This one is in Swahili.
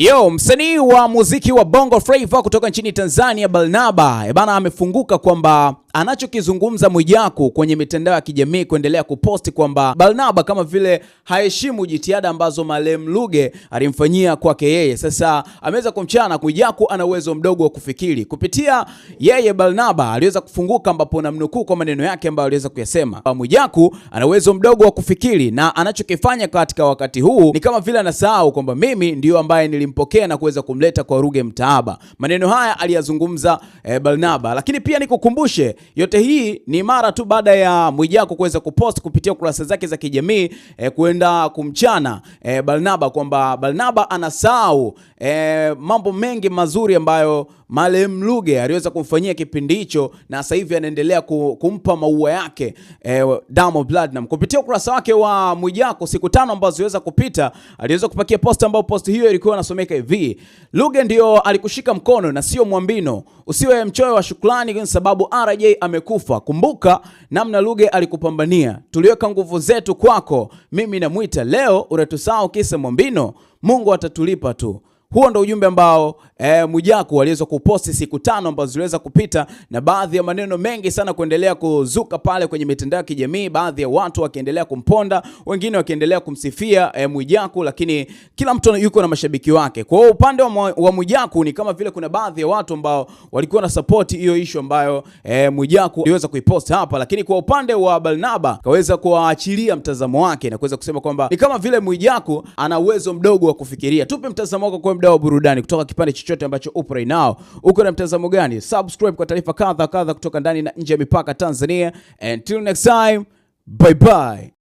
Yo, msanii wa muziki wa Bongo Flava kutoka nchini Tanzania Barnaba, ebana amefunguka kwamba anachokizungumza Mwijaku kwenye mitandao ya kijamii kuendelea kuposti kwamba Barnaba kama vile haheshimu jitihada ambazo marehemu Ruge alimfanyia kwake yeye. Sasa ameweza kumchana Mwijaku, ana uwezo mdogo wa kufikiri. Kupitia yeye Barnaba aliweza kufunguka, ambapo namnukuu kwa maneno yake ambayo aliweza kuyasema, Mwijaku ana uwezo mdogo wa kufikiri na anachokifanya katika wakati huu ni kama vile anasahau kwamba mimi ndiyo ambaye nilimpokea na kuweza kumleta kwa Ruge mtaaba. Maneno haya aliyazungumza eh, Barnaba, lakini pia nikukumbushe yote hii ni mara tu baada ya Mwijaku kuweza kupost kupitia kurasa zake za kijamii e, kwenda kumchana e, Barnaba kwamba Barnaba anasahau e, mambo mengi mazuri ambayo Marehemu Ruge aliweza kumfanyia kipindi hicho na sasa hivi anaendelea kumpa maua yake e, Diamond Platnumz. Kupitia ukurasa wake wa Mwijaku siku tano ambazo ziweza kupita, aliweza kupakia post ambayo post hiyo ilikuwa inasomeka hivi: Ruge ndio alikushika mkono na sio Mwambino, usiwe mchoyo wa shukrani sababu RJ yeye amekufa. Kumbuka namna Ruge alikupambania, tuliweka nguvu zetu kwako. Mimi namwita leo, unatusahau kisa Mwambino, Mungu atatulipa tu. Huo ndo ujumbe ambao e, Mwijaku aliweza kuposti siku tano ambazo ziliweza kupita, na baadhi ya maneno mengi sana kuendelea kuzuka pale kwenye mitandao ya kijamii, baadhi ya watu wakiendelea kumponda, wengine wakiendelea kumsifia e, Mwijaku, lakini kila mtu yuko na mashabiki wake. Kwa upande wa, wa Mwijaku ni kama vile kuna baadhi ya watu ambao walikuwa na support hiyo issue ambayo e, Mwijaku aliweza kuipost hapa, lakini kwa upande wa Barnaba kaweza kuwaachilia mtazamo wake na kuweza kusema kwamba ni kama vile Mwijaku ana uwezo mdogo wa kufikiria. Tupe mtazamo wako kwa mdau wa burudani kutoka kipande chochote ambacho upo right now. Uko na mtazamo gani? Subscribe kwa taarifa kadha kadha kutoka ndani na nje ya mipaka Tanzania. Until next time, bye bye.